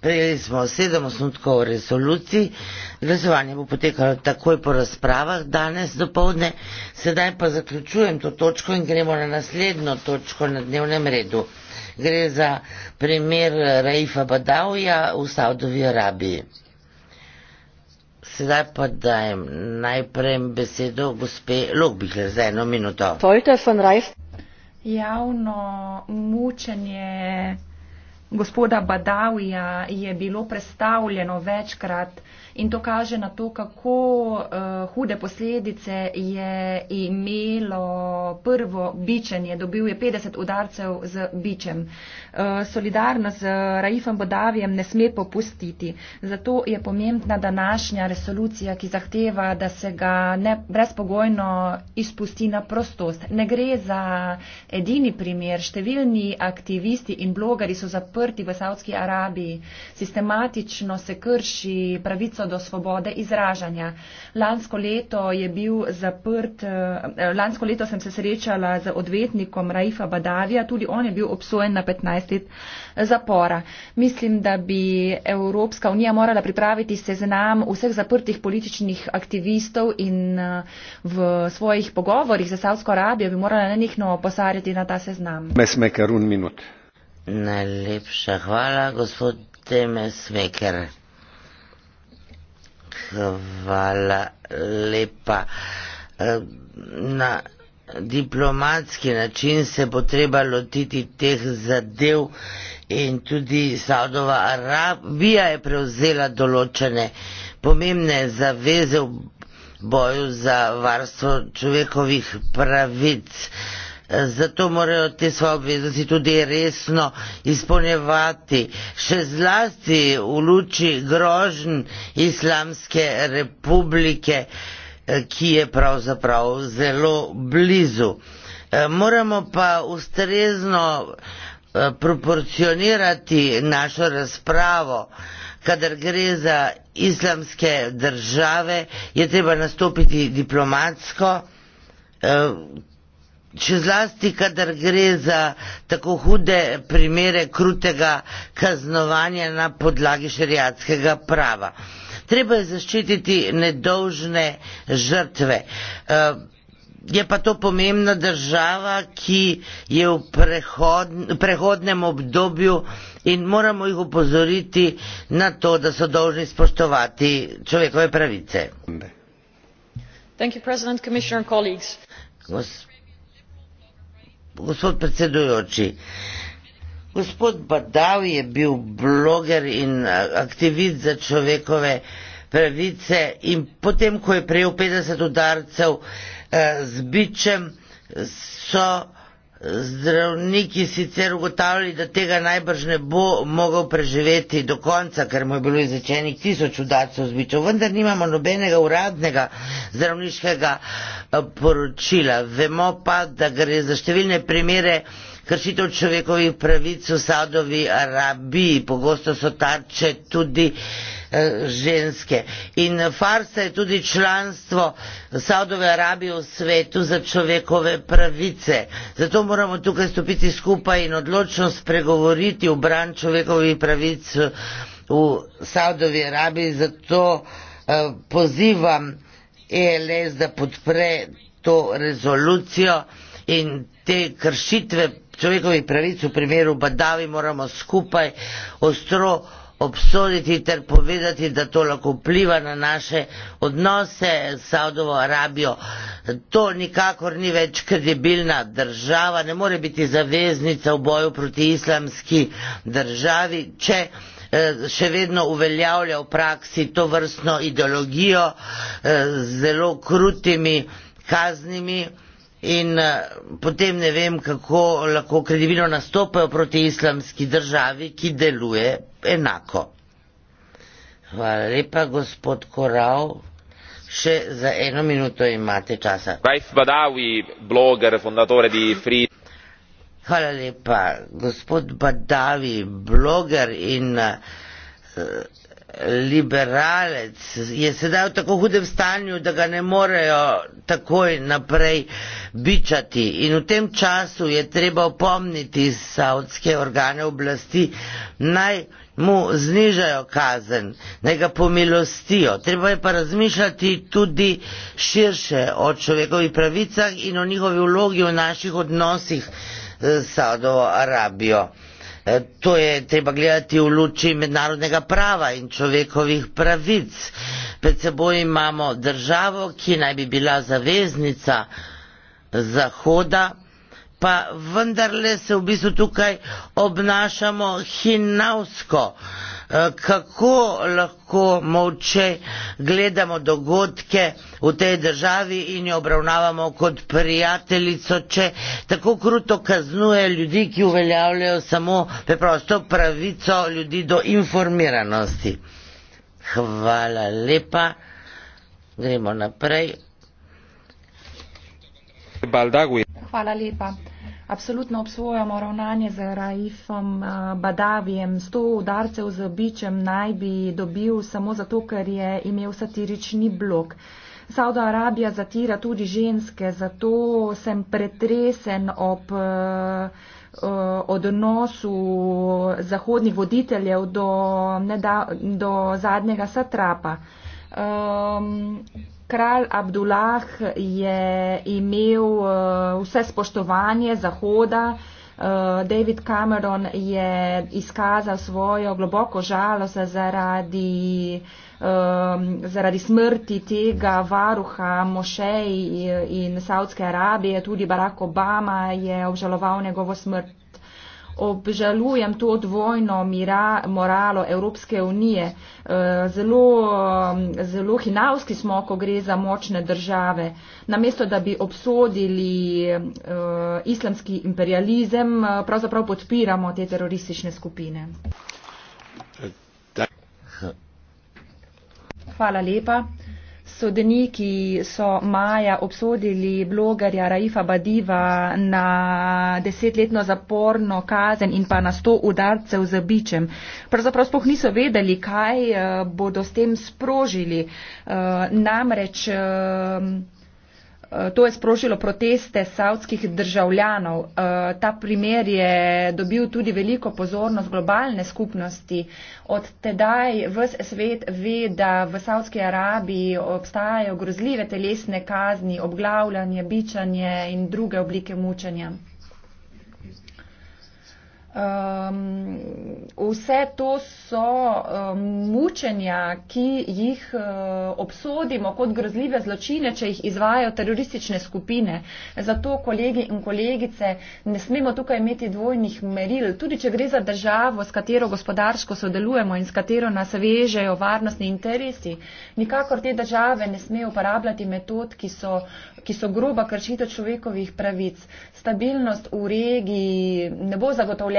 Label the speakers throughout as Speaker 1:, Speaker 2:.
Speaker 1: Prejeli smo sedem osnutkov rezoluciji, glasovanje bo potekalo takoj po razpravah danes do povdne, sedaj pa zaključujem to točko in gremo na naslednjo točko na dnevnem redu. Gre za primer Raifa Badavija v Saudovi Arabiji. Sedaj pa dajem najprej besedo gospe Lokbihler za eno minuto.
Speaker 2: Javno mučenje gospoda Badavija je bilo predstavljeno večkrat In to kaže na to, kako uh, hude posledice je imelo prvo bičenje. Dobil je 50 udarcev z bičem. Uh, solidarnost z Raifom Bodavijem ne sme popustiti. Zato je pomembna današnja resolucija, ki zahteva, da se ga ne, brezpogojno izpusti na prostost. Ne gre za edini primer. Številni aktivisti in blogari so zaprti v Saudski Arabiji. Sistematično se krši pravico do svobode izražanja. Lansko leto, zaprt, eh, eh, lansko leto sem se srečala z odvetnikom Raifa Badavija, tudi on je bil obsojen na 15 let eh, zapora. Mislim, da bi Evropska unija morala pripraviti seznam vseh zaprtih političnih aktivistov in v svojih pogovorih za Savsko Arabijo bi morala nenihno posarjati na ta seznam.
Speaker 1: Najlepša hvala, gospod Temes Mekar hvala lepa. Eh, na diplomatski način se bo treba lotiti teh zadev in tudi Saudova Arabija je prevzela določene pomembne zaveze v boju za varstvo človekovih pravic zato morajo te svoje obveznosti tudi resno izpolnjevati, še zlasti v luči grožn Islamske republike, eh, ki je pravzaprav zelo blizu. Eh, moramo pa ustrezno eh, proporcionirati našo razpravo, kadar gre za islamske države, je treba nastopiti diplomatsko, Če zlasti, kadar gre za tako hude primere krutega kaznovanja na podlagi šariatskega prava. Treba je zaščititi nedolžne žrtve. Eh, je pa to pomembna država, ki je v prehodnem obdobju in moramo jih upozoriti na to, da so dolžni spoštovati človekove pravice.
Speaker 2: Hvala, predsednik, komisar in kolegi
Speaker 1: gospod predsedujoči. Gospod Badav je bil bloger in aktivist za človekove pravice in potem, ko je prejel 50 udarcev eh, z bičem, so Zdravniki sicer ugotavljali, da tega najbrž ne bo mogel preživeti do konca, ker mu je bilo izrečenih tisoč udarcev z bičo, vendar nimamo nobenega uradnega zdravniškega eh, poročila. Vemo pa, da gre za številne primere kršitev človekovih pravic v Saudovi Arabiji. Pogosto so tarče tudi. Uh, Eh, ženske. In farsa je tudi članstvo Saudove Arabije v svetu za človekove pravice. Zato moramo tukaj stopiti skupaj in odločno spregovoriti v bran človekovih pravic v Saudovi Arabiji. Zato eh, pozivam ELS, da podpre to rezolucijo in te kršitve človekovih pravic v primeru Badavi moramo skupaj ostro obsoditi ter povedati, da to lahko vpliva na naše odnose s Saudovo Arabijo. To nikakor ni več kredibilna država, ne more biti zaveznica v boju proti islamski državi, če eh, še vedno uveljavlja v praksi to vrstno ideologijo eh, z zelo krutimi kaznimi in eh, potem ne vem, kako lahko kredibilno nastopajo proti islamski državi, ki deluje enako. Hvala lepa, gospod Korav. Še za eno minuto imate časa. Raif
Speaker 3: Badawi, bloger, fondatore di Free.
Speaker 1: Hvala lepa, gospod Badawi, bloger in eh, liberalec je sedaj v tako hudem stanju, da ga ne morejo takoj naprej bičati. In v tem času je treba opomniti saudske organe oblasti naj mu znižajo kazen, naj ga pomilostijo. Treba je pa razmišljati tudi širše o človekovih pravicah in o njihovi vlogi v naših odnosih z Saudovo Arabijo. E, to je treba gledati v luči mednarodnega prava in človekovih pravic. Pred seboj imamo državo, ki naj bi bila zaveznica Zahoda, pa vendarle se v bistvu tukaj obnašamo hinavsko. Eh, kako lahko moče gledamo dogodke v tej državi in jo obravnavamo kot prijateljico, če tako kruto kaznuje ljudi, ki uveljavljajo samo preprosto pravico ljudi do informiranosti. Hvala lepa. Gremo naprej.
Speaker 2: Hvala lepa. Absolutno obsojamo ravnanje z Raifom eh, Badavijem. Sto udarcev z bičem naj bi dobil samo zato, ker je imel satirični blog. Saudo Arabija zatira tudi ženske, zato sem pretresen ob eh, eh, odnosu zahodnih voditeljev do, do zadnjega satrapa. Um, kralj Abdullah je imel eh, vse spoštovanje Zahoda. Eh, David Cameron je izkazal svojo globoko žalost zaradi, um, zaradi smrti tega varuha Mošej in Saudske Arabije. Tudi Barack Obama je obžaloval njegovo smrt obžalujem to dvojno mira, moralo Evropske unije. Eh, zelo, eh, zelo hinavski smo, ko gre za močne države. Namesto, da bi obsodili eh, islamski imperializem, pravzaprav podpiramo te teroristične skupine. Hvala lepa. Sodniki so maja obsodili blogerja Raifa Badiva na desetletno zaporno kazen in pa na sto udarcev z bičem. Pravzaprav spoh niso vedeli, kaj eh, bodo s tem sprožili. Eh, namreč eh, Eh, to je sprožilo proteste savskih državljanov. Eh, ta primer je dobil tudi veliko pozornost globalne skupnosti. Od tedaj ves svet ve, da v Savski Arabiji obstajajo grozljive telesne kazni, obglavljanje, bičanje in druge oblike mučenja. Um, vse to so um, mučenja, ki jih uh, obsodimo kot grozljive zločine, če jih izvajo teroristične skupine. Zato, kolegi in kolegice, ne smemo tukaj imeti dvojnih meril. Tudi, če gre za državo, s katero gospodarsko sodelujemo in s katero nas vežejo varnostni interesi, nikakor te države ne smejo uporabljati metod, ki so, ki so groba kršitev človekovih pravic. Stabilnost v regiji ne bo zagotovljena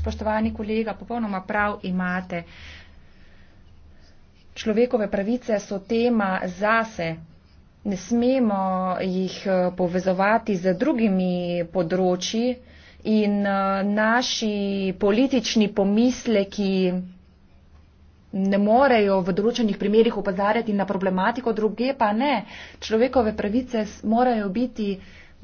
Speaker 2: spoštovani kolega popolnoma prav imate človekove pravice so tema zase ne smemo jih eh, povezovati z drugimi področji in eh, naši politični pomisleki ne morejo v določenih primerjih opozarjati na problematiko druge pa ne človekove pravice morajo biti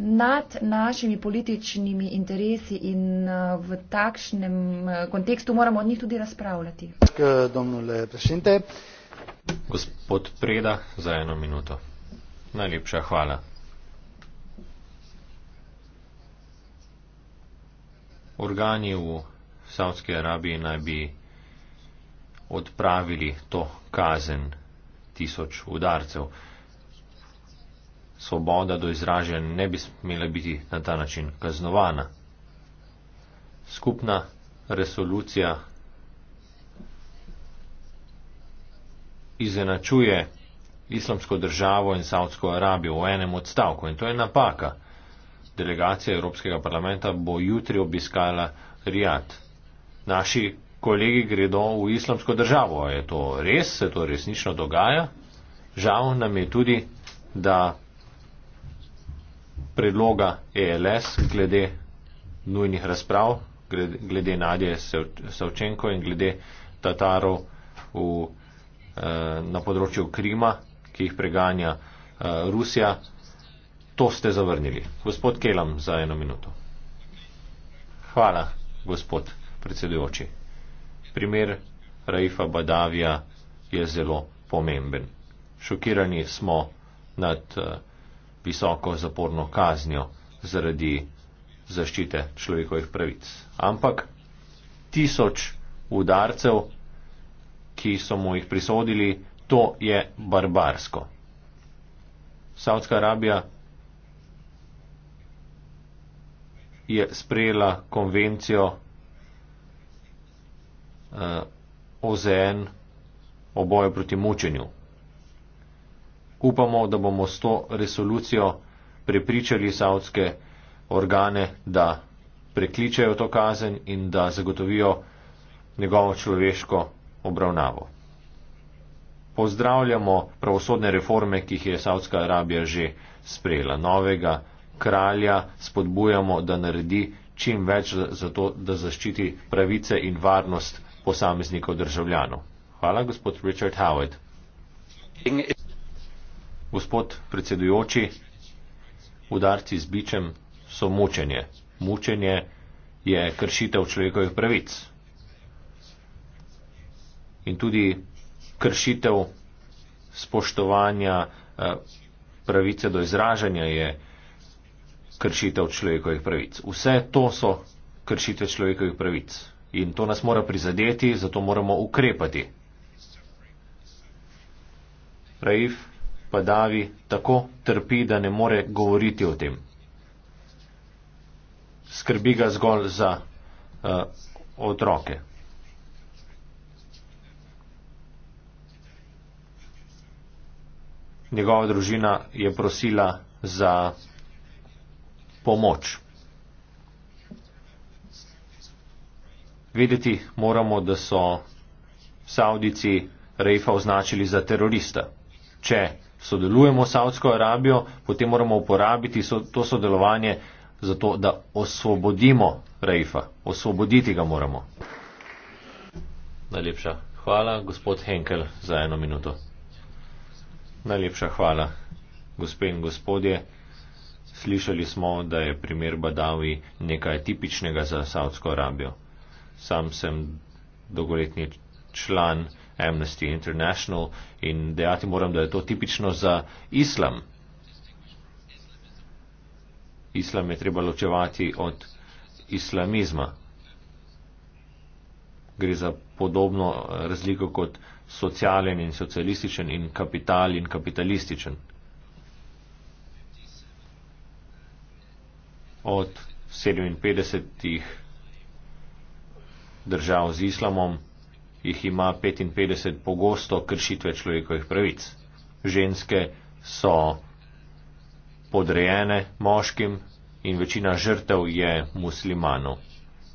Speaker 2: nad našimi političnimi interesi in eh, v takšnem eh, kontekstu moramo o njih tudi razpravljati.
Speaker 1: Eh,
Speaker 3: Gospod Preda, za eno minuto. Najlepša hvala. Organi v Saudski Arabiji naj bi odpravili to kazen tisoč udarcev svoboda do izražanja ne bi smela biti na ta način kaznovana. Skupna resolucija izenačuje islamsko državo in Saudsko Arabijo v enem odstavku in to je napaka. Delegacija Evropskega parlamenta bo jutri obiskala Rijad. Naši kolegi gredo v islamsko državo. Je to res? Se to resnično dogaja? Žal nam je tudi, da predloga ELS glede nujnih razprav, glede, glede Nadje Savčenko in glede Tatarov v, eh, na področju Krima, ki jih preganja eh, Rusija. To ste zavrnili. Gospod Kelam, za eno minuto. Hvala, gospod predsedujoči. Primer Raifa Badavija je zelo pomemben. Šokirani smo nad uh, visoko zaporno kaznjo zaradi zaščite človekovih pravic. Ampak tisoč udarcev, ki so mu jih prisodili, to je barbarsko. Saudska Arabija je sprejela konvencijo uh, eh, OZN o boju proti mučenju upamo, da bomo s to resolucijo prepričali saudske organe, da prekličajo to kazen in da zagotovijo njegovo človeško obravnavo. Pozdravljamo pravosodne reforme, ki jih je Saudska Arabija že sprejela. Novega kralja spodbujamo, da naredi čim več za to, da zaščiti pravice in varnost posameznikov državljanov. Hvala, gospod Richard Howard. In... Gospod predsedujoči, udarci z bičem so mučenje. Mučenje je kršitev človekovih pravic. In tudi kršitev spoštovanja eh, pravice do izražanja je kršitev človekovih pravic. Vse to so kršitve človekovih pravic. In to nas mora prizadeti, zato moramo ukrepati. Raif pa Davi tako trpi, da ne more govoriti o tem. Skrbi ga zgolj za uh, otroke. Njegova družina je prosila za pomoč. Videti moramo, da so Saudici Rejfa označili za terorista. Če sodelujemo s Saudsko Arabijo, potem moramo uporabiti to sodelovanje za to, da osvobodimo Rejfa. Osvoboditi ga moramo. Najlepša hvala, gospod Henkel, za eno minuto. Najlepša hvala, gospe in gospodje. Slišali smo, da je primer Badawi nekaj tipičnega za Saudsko Arabijo. Sam sem dolgoletni član Amnesty International in dejati moram, da je to tipično za islam. Islam je treba ločevati od islamizma. Gre za podobno razliko kot socialen in socialističen in kapital in kapitalističen. Od 57 držav z islamom jih ima 55 pogosto kršitve človekovih pravic. Ženske so podrejene moškim in večina žrtev je muslimanov.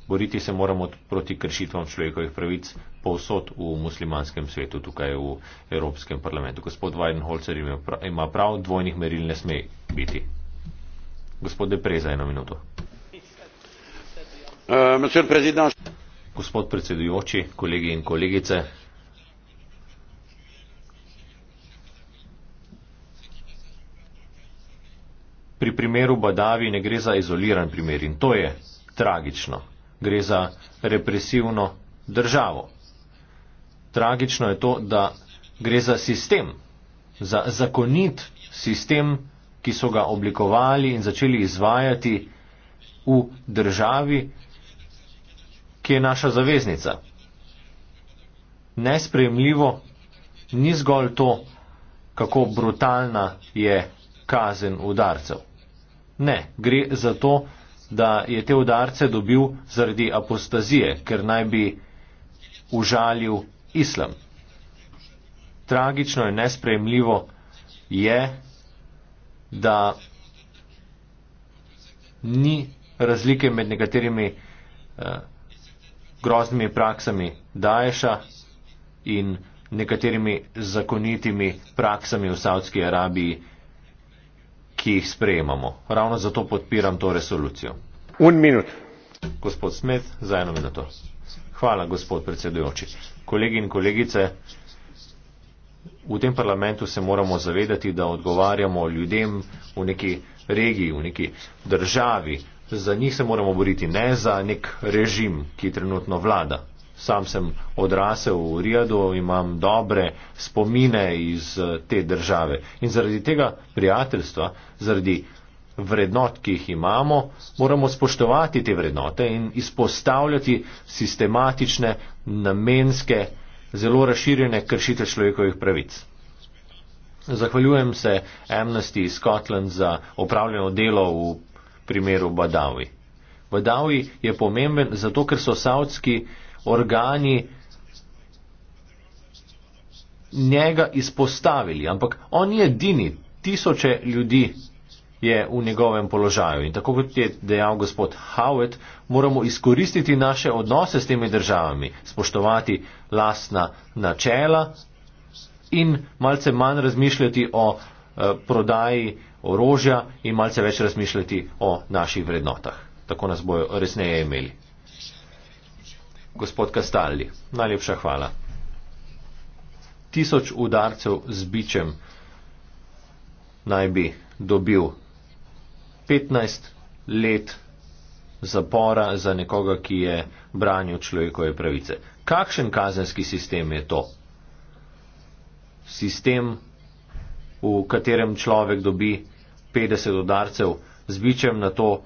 Speaker 3: Boriti se moramo proti kršitvam človekovih pravic povsod v muslimanskem svetu, tukaj v Evropskem parlamentu. Gospod Weidenholzer ima prav, dvojnih meril ne sme biti. Gospod Depreza, eno minuto. Uh, gospod predsedujoči, kolegi in kolegice. Pri primeru Badavi ne gre za izoliran primer in to je tragično. Gre za represivno državo. Tragično je to, da gre za sistem, za zakonit sistem, ki so ga oblikovali in začeli izvajati v državi, ki je naša zaveznica. Nesprejemljivo ni zgolj to, kako brutalna je kazen udarcev. Ne, gre za to, da je te udarce dobil zaradi apostazije, ker naj bi užalil islam. Tragično in nesprejemljivo je, da ni razlike med nekaterimi eh, groznimi praksami Daesha in nekaterimi zakonitimi praksami v Saudski Arabiji, ki jih sprejemamo. Ravno zato podpiram to resolucijo. Gospod Smith, za eno minuto. Hvala, gospod predsedujoči. Kolegi in kolegice, v tem parlamentu se moramo zavedati, da odgovarjamo ljudem v neki regiji, v neki državi, za njih se moramo boriti, ne za nek režim, ki trenutno vlada. Sam sem odrasel v Rijadu, imam dobre spomine iz eh, te države. In zaradi tega prijateljstva, zaradi vrednot, ki jih imamo, moramo spoštovati te vrednote in izpostavljati sistematične, namenske, zelo razširjene kršite človekovih pravic. Zahvaljujem se Amnesty Scotland za opravljeno delo v primeru Badavi. Badavi je pomemben zato, ker so savtski organi njega izpostavili, ampak on je edini, tisoče ljudi je v njegovem položaju. In tako kot je dejal gospod Howard, moramo izkoristiti naše odnose s temi državami, spoštovati lastna načela in malce manj razmišljati o eh, prodaji eh, orožja in malce več razmišljati o naših vrednotah. Tako nas bojo resneje imeli. Gospod Kastalli, najlepša hvala. Tisoč udarcev z bičem naj bi dobil 15 let zapora za nekoga, ki je branil človekove pravice. Kakšen kazenski sistem je to? Sistem v katerem človek dobi 50 udarcev z bičem, na to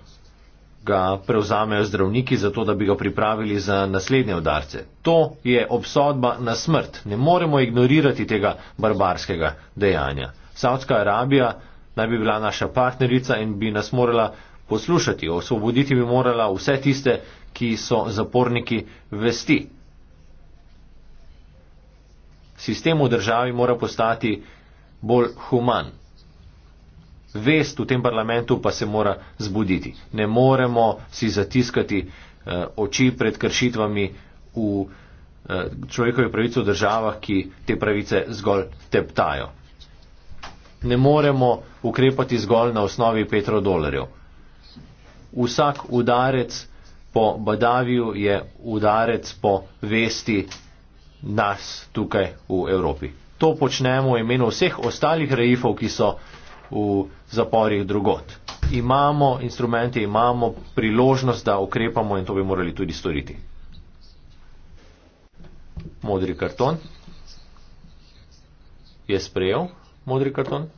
Speaker 3: ga prevzamejo zdravniki, zato da bi ga pripravili za naslednje udarce. To je obsodba na smrt. Ne moremo ignorirati tega barbarskega dejanja. Saudska Arabija naj bi bila naša partnerica in bi nas morala poslušati, osvoboditi bi morala vse tiste, ki so zaporniki vesti. Sistem v državi mora postati bolj human. Vest v tem parlamentu pa se mora zbuditi. Ne moremo si zatiskati uh, oči pred kršitvami v uh, človekovi pravici v državah, ki te pravice zgolj teptajo. Ne moremo ukrepati zgolj na osnovi petrodolarjev. Vsak udarec po Badaviju je udarec po vesti nas tukaj v Evropi to počnemo v imenu vseh ostalih rejifov, ki so v zaporih drugot. Imamo instrumente, imamo priložnost, da ukrepamo in to bi morali tudi storiti. Modri karton. Je sprejel modri karton?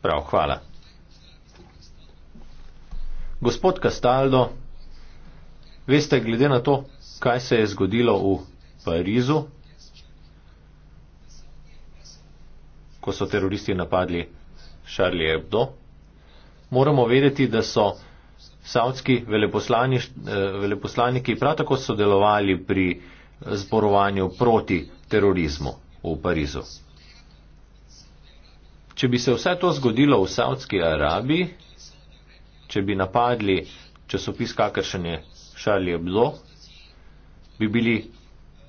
Speaker 3: Prav, hvala. Gospod Castaldo, veste, glede na to, kaj se je zgodilo v Parizu, ko so teroristi napadli Charlie Hebdo. Moramo vedeti, da so savdski eh, veleposlaniki prav tako sodelovali pri zborovanju proti terorizmu v Parizu. Če bi se vse to zgodilo v Saudski Arabiji, če bi napadli časopis kakršen je Charlie Hebdo, bi bili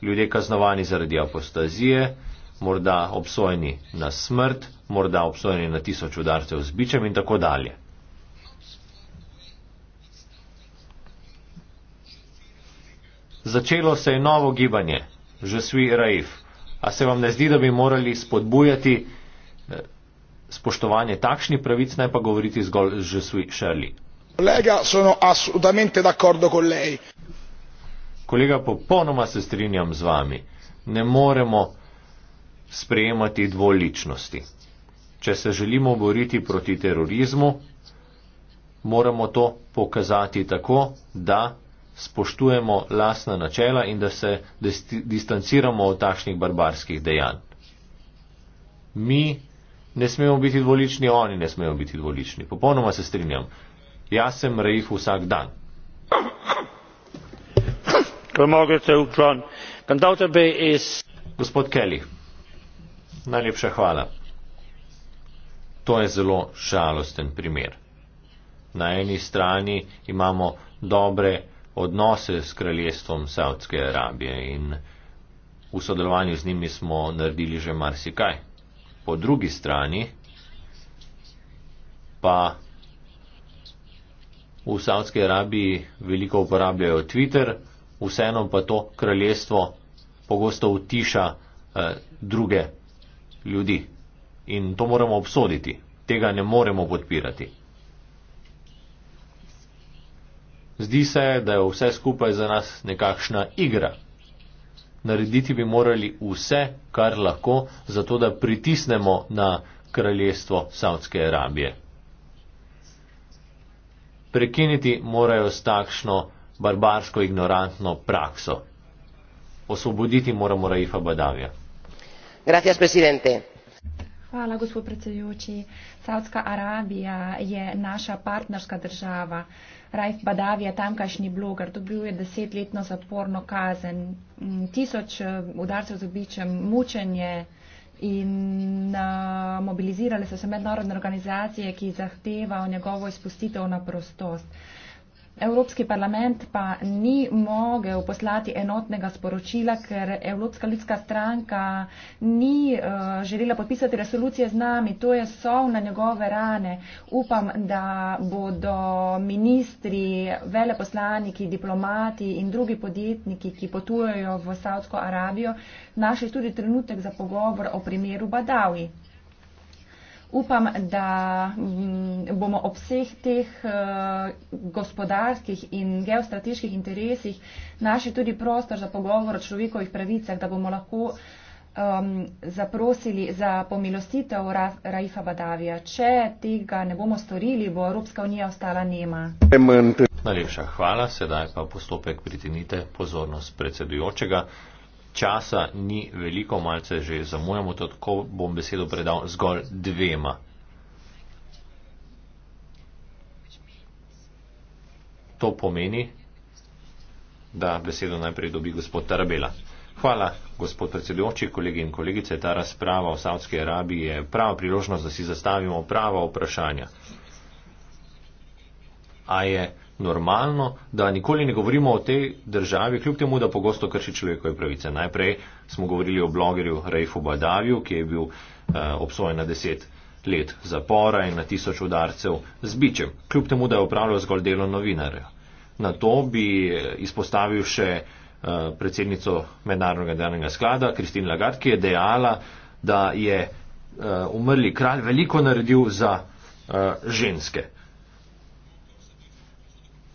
Speaker 3: ljudje kaznovani zaradi apostazije, morda obsojeni na smrt, morda obsojeni na tisoč udarcev z bičem in tako dalje. Začelo se je novo gibanje, že svi Raif. A se vam ne zdi, da bi morali spodbujati eh, spoštovanje takšnih pravic, naj pa govoriti zgolj že svi Šerli?
Speaker 1: Kolega, sono assolutamente d'accordo con lei.
Speaker 3: Kolega, popolnoma se strinjam z vami. Ne moremo sprejemati dvoličnosti. Če se želimo boriti proti terorizmu, moramo to pokazati tako, da spoštujemo lasna načela in da se distanciramo od takšnih barbarskih dejanj. Mi ne smemo biti dvolični, oni ne smemo biti dvolični. Popolnoma se strinjam. Jaz sem rejih vsak dan. Gospod Kelly. Najlepša hvala. To je zelo žalosten primer. Na eni strani imamo dobre odnose s kraljestvom Saudske Arabije in v sodelovanju z njimi smo naredili že marsikaj. Po drugi strani pa v Saudski Arabiji veliko uporabljajo Twitter, vseeno pa to kraljestvo pogosto utiša eh, druge ljudi. In to moramo obsoditi. Tega ne moremo podpirati. Zdi se, da je vse skupaj za nas nekakšna igra. Narediti bi morali vse, kar lahko, zato da pritisnemo na kraljestvo Saudske Arabije. Prekiniti morajo s takšno barbarsko ignorantno prakso. Osvoboditi moramo Raifa Badavija.
Speaker 2: Saudska Arabija je naša partnerska država. Rajf Badavi je tamkajšnji bloger, dobil je desetletno zaporno kazen, tisoč eh, udarcev z običem, mučenje in uh, mobilizirale so se mednarodne organizacije, ki zahtevajo njegovo izpustitev na prostost. Uh, Evropski parlament pa ni mogel poslati enotnega sporočila, ker Evropska ljudska stranka ni uh, želela podpisati resolucije z nami. To je sol na njegove rane. Upam, da bodo ministri, veleposlaniki, diplomati in drugi podjetniki, ki potujejo v Saudsko Arabijo, našli tudi trenutek za pogovor o primeru Badawi. Upam, da mm, bomo ob vseh teh eh, gospodarskih in geostrateških interesih našli tudi prostor za pogovor o človekovih pravicah, da bomo lahko um, zaprosili za pomilostitev Ra Raifa Badavija. Če tega ne bomo storili, bo Evropska unija ostala nema.
Speaker 3: Najlepša hvala, sedaj pa postopek pritinite pozornost predsedujočega časa ni veliko, malce že zamujamo, tako bom besedo predal zgolj dvema. To pomeni, da besedo najprej dobi gospod Tarabela. Hvala, gospod predsedujoči, kolegi in kolegice. Ta razprava o Savdski Arabiji je prava priložnost, da si zastavimo prava vprašanja. A je normalno, da nikoli ne govorimo o tej državi, kljub temu, da pogosto krši človekove pravice. Najprej smo govorili o blogerju Rejfu Badaviju, ki je bil eh, obsojen na deset let zapora in na tisoč udarcev z bičem, kljub temu, da je opravljal zgolj delo novinarja. Na to bi eh, izpostavil še eh, predsednico Mednarodnega delovnega sklada, Kristin Lagard, ki je dejala, da je eh, umrli kralj veliko naredil za eh, ženske. Eh,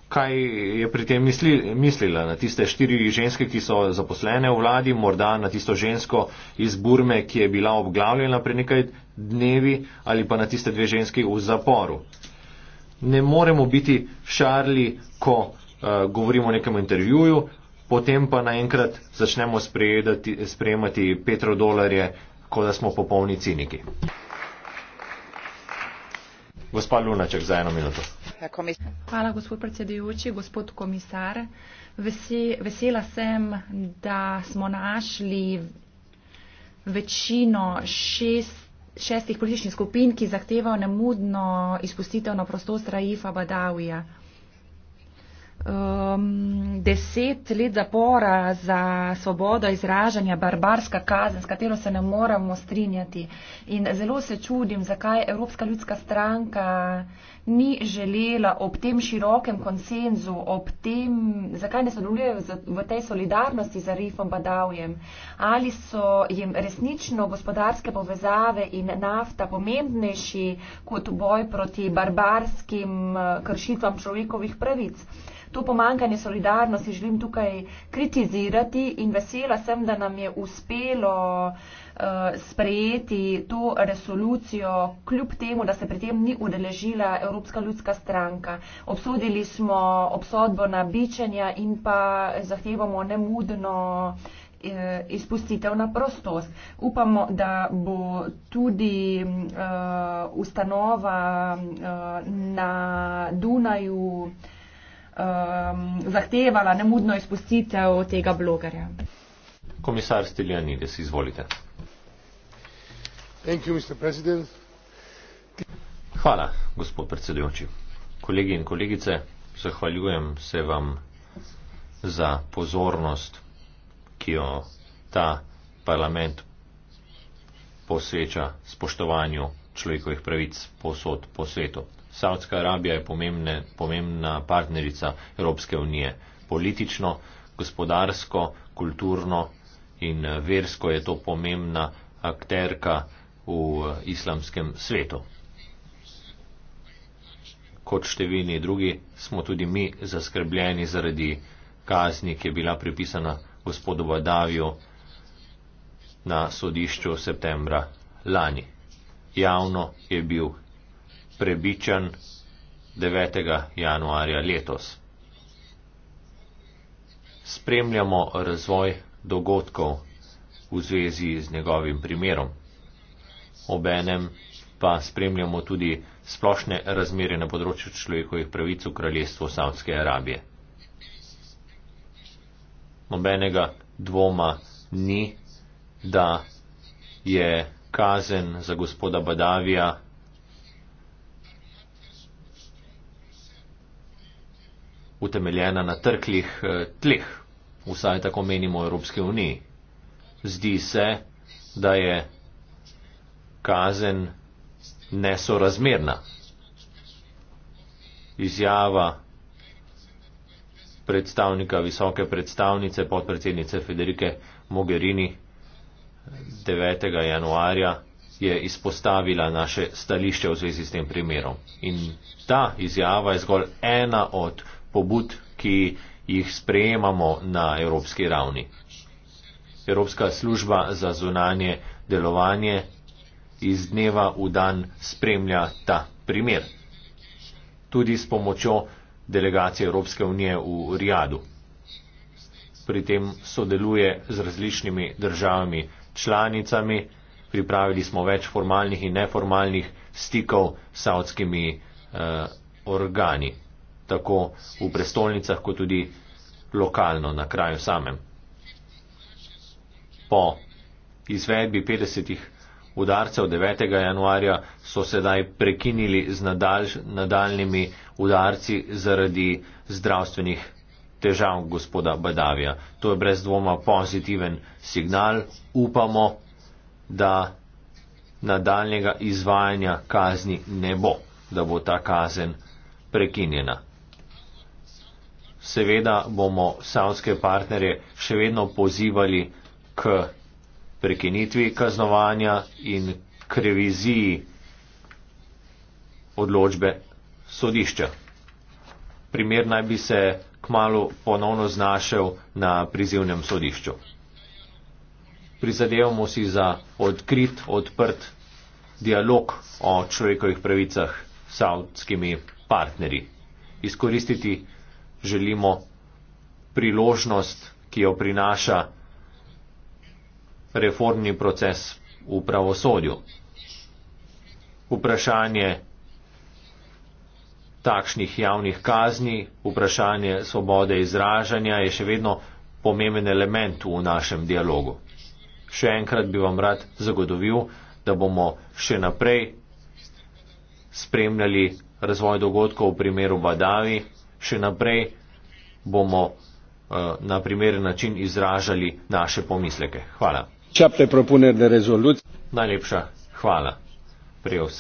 Speaker 3: kaj je pri tem misli, mislila, na tiste štiri ženske, ki so zaposlene v vladi, morda na tisto žensko iz Burme, ki je bila obglavljena pred nekaj dnevi, ali pa na tiste dve ženski v zaporu. Ne moremo biti šarli, ko uh, govorimo o nekem intervjuju, potem pa naenkrat začnemo sprejemati petrodolarje, kot da smo popolni ciniki. Gospa Lunaček, za eno minuto
Speaker 2: gospod predsedujoči, gospod komisar. Vesel, vesela sem, da smo našli večino šest šestih političnih skupin, ki zahtevajo nemudno izpustitev na prostost Raifa Badavija um, deset let zapora za svobodo izražanja barbarska kazen, s katero se ne moramo strinjati. In zelo se čudim, zakaj Evropska ljudska stranka ni želela ob tem širokem konsenzu, ob tem, zakaj ne sodelujejo v tej solidarnosti z Arifom Badavjem, ali so jim resnično gospodarske povezave in nafta pomembnejši kot boj proti barbarskim eh, kršitvam človekovih pravic. To pomankanje solidarnosti želim tukaj kritizirati in vesela sem, da nam je uspelo eh, sprejeti to resolucijo, kljub temu, da se pri tem ni udeležila Evropska ljudska stranka. Obsodili smo obsodbo na bičenja in pa zahtevamo nemudno eh, izpustitev na prostost. Upamo, da bo tudi uh, ustanova uh, na Dunaju uh, um, zahtevala nemudno izpustitev tega blogerja.
Speaker 3: Komisar Stiljanides, izvolite. You, Hvala, gospod predsedujoči. Kolegi in kolegice, zahvaljujem se vam za pozornost, ki jo ta parlament posveča spoštovanju človekovih pravic posod po svetu. Saudska Arabija je pomembne, pomembna partnerica Evropske unije. Politično, gospodarsko, kulturno in eh, versko je to pomembna akterka v eh, islamskem svetu. Kot številni drugi smo tudi mi zaskrbljeni zaradi kazni, ki je bila pripisana gospodu Badaviju na sodišču septembra lani. Javno je bil prebičan 9. januarja letos. Spremljamo razvoj dogodkov v zvezi z njegovim primerom. Obenem pa spremljamo tudi splošne razmere na področju človekovih pravic v kraljestvu Saudske Arabije. Nobenega dvoma ni, da je kazen za gospoda Badavija utemeljena na trklih eh, tleh, vsaj tako menimo v Evropski uniji. Zdi se, da je kazen nesorazmerna. Izjava predstavnika visoke predstavnice podpredsednice Federike Mogherini 9. januarja je izpostavila naše stališče v zvezi s tem primerom. In ta izjava je zgolj ena od pobud, ki jih sprejemamo na evropski ravni. Evropska služba za zunanje delovanje iz dneva v dan spremlja ta primer. Tudi s pomočjo delegacije Evropske unije v Rijadu. Pri tem sodeluje z različnimi državami članicami. Pripravili smo več formalnih in neformalnih stikov s savtskimi eh, organi tako v prestolnicah, kot tudi lokalno na kraju samem. Po izvedbi 50 udarcev 9. januarja so sedaj prekinili z nadalj, nadaljnimi udarci zaradi zdravstvenih težav gospoda Badavija. To je brez dvoma pozitiven signal. Upamo, da nadaljnega izvajanja kazni ne bo, da bo ta kazen prekinjena seveda bomo savske partnerje še vedno pozivali k prekinitvi kaznovanja in k reviziji odločbe sodišča. Primer naj bi se kmalo ponovno znašel na prizivnem sodišču. Prizadevamo si za odkrit, odprt dialog o človekovih pravicah s savskimi partnerji. Izkoristiti želimo priložnost, ki jo prinaša reformni proces v pravosodju. Vprašanje takšnih javnih kazni, vprašanje svobode izražanja je še vedno pomemben element v našem dialogu. Še enkrat bi vam rad zagotovil, da bomo še naprej spremljali razvoj dogodkov v primeru Badavi še naprej bomo uh, na primeren način izražali naše pomisleke. Hvala. Najlepša hvala. Prijel se.